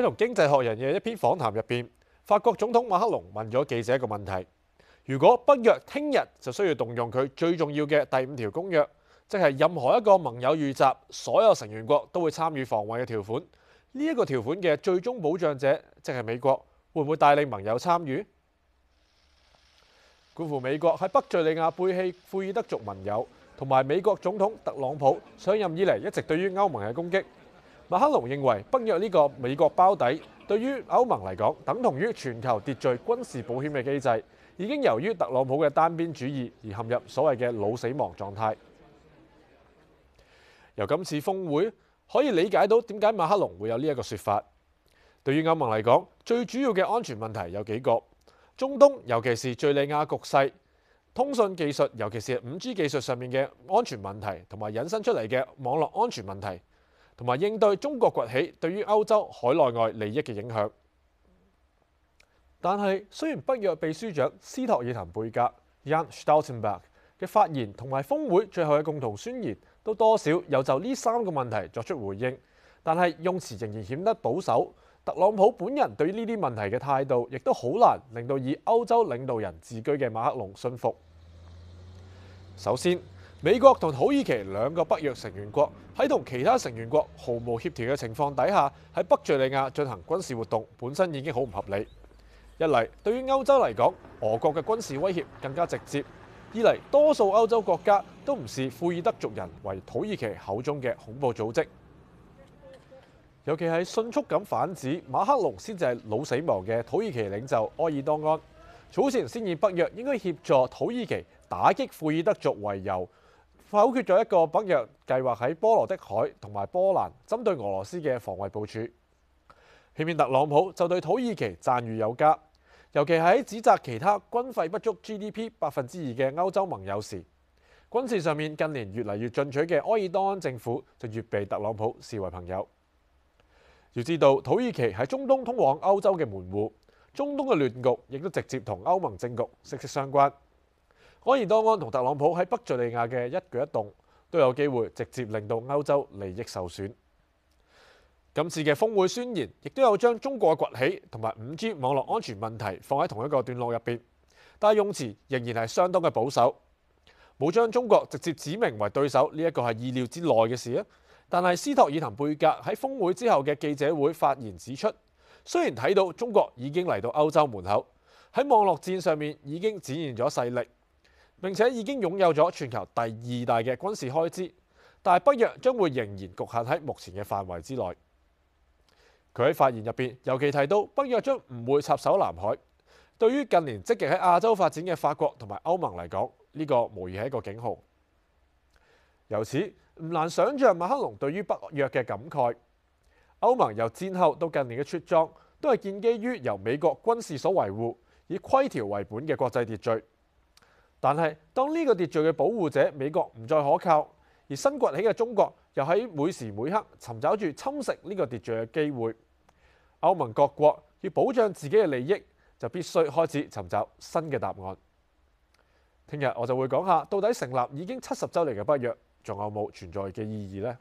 喺同經濟學人嘅一篇訪談入邊，法國總統馬克龍問咗記者一個問題：如果北約聽日就需要動用佢最重要嘅第五條公約，即係任何一個盟友遇襲，所有成員國都會參與防衛嘅條款，呢一個條款嘅最終保障者即係美國，會唔會帶領盟友參與？顧乎美國喺北敍利亞背棄庫爾德族盟友，同埋美國總統特朗普上任以嚟一直對於歐盟嘅攻擊。馬克龍認為北約呢個美國包底對於歐盟嚟講，等同於全球秩序軍事保險嘅機制，已經由於特朗普嘅單邊主義而陷入所謂嘅腦死亡狀態。由今次峰會可以理解到點解馬克龍會有呢一個說法。對於歐盟嚟講，最主要嘅安全問題有幾個：中東，尤其是敘利亞局勢；通訊技術，尤其是五 G 技術上面嘅安全問題，同埋引申出嚟嘅網絡安全問題。同埋應對中國崛起對於歐洲海內外利益嘅影響。但係雖然北約秘書長斯托爾滕貝格 （Jens Stoltenberg） 嘅發言同埋峯會最後嘅共同宣言都多少有就呢三個問題作出回應，但係用詞仍然顯得保守。特朗普本人對於呢啲問題嘅態度，亦都好難令到以歐洲領導人自居嘅馬克龍信服。首先，美國同土耳其兩個北約成員國喺同其他成員國毫無協調嘅情況底下喺北敘利亞進行軍事活動，本身已經好唔合理。一嚟，對於歐洲嚟講，俄國嘅軍事威脅更加直接；二嚟，多數歐洲國家都唔視庫爾德族人為土耳其口中嘅恐怖組織。尤其係迅速咁反指馬克龍先至係腦死亡嘅土耳其領袖埃爾多安，早前先以北約應該協助土耳其打擊庫爾德族為由。否決咗一個北約計劃喺波羅的海同埋波蘭針對俄羅斯嘅防衛部署。偏偏特朗普就對土耳其讚譽有加，尤其喺指責其他軍費不足 GDP 百分之二嘅歐洲盟友時，軍事上面近年越嚟越進取嘅埃爾多安政府就越被特朗普視為朋友。要知道，土耳其係中東通往歐洲嘅門戶，中東嘅亂局亦都直接同歐盟政局息息相關。埃爾多安同特朗普喺北敘利亞嘅一舉一動都有機會直接令到歐洲利益受損。今次嘅峰會宣言亦都有將中國崛起同埋五 G 網絡安全問題放喺同一個段落入邊，但係用詞仍然係相當嘅保守，冇將中國直接指明為對手，呢一個係意料之內嘅事啊。但係斯托爾滕貝格喺峰會之後嘅記者會發言指出，雖然睇到中國已經嚟到歐洲門口，喺網絡戰上面已經展現咗勢力。並且已經擁有咗全球第二大嘅軍事開支，但係北約將會仍然局限喺目前嘅範圍之內。佢喺發言入邊，尤其提到北約將唔會插手南海。對於近年積極喺亞洲發展嘅法國同埋歐盟嚟講，呢、呢個無疑係一個警號。由此唔難想像馬克龍對於北約嘅感慨。歐盟由戰後到近年嘅出裝，都係建基於由美國軍事所維護、以規條為本嘅國際秩序。但係，當呢個秩序嘅保護者美國唔再可靠，而新崛起嘅中國又喺每時每刻尋找住侵蝕呢個秩序嘅機會，歐盟各國要保障自己嘅利益，就必須開始尋找新嘅答案。聽日我就會講下，到底成立已經七十周年嘅北約，仲有冇存在嘅意義呢？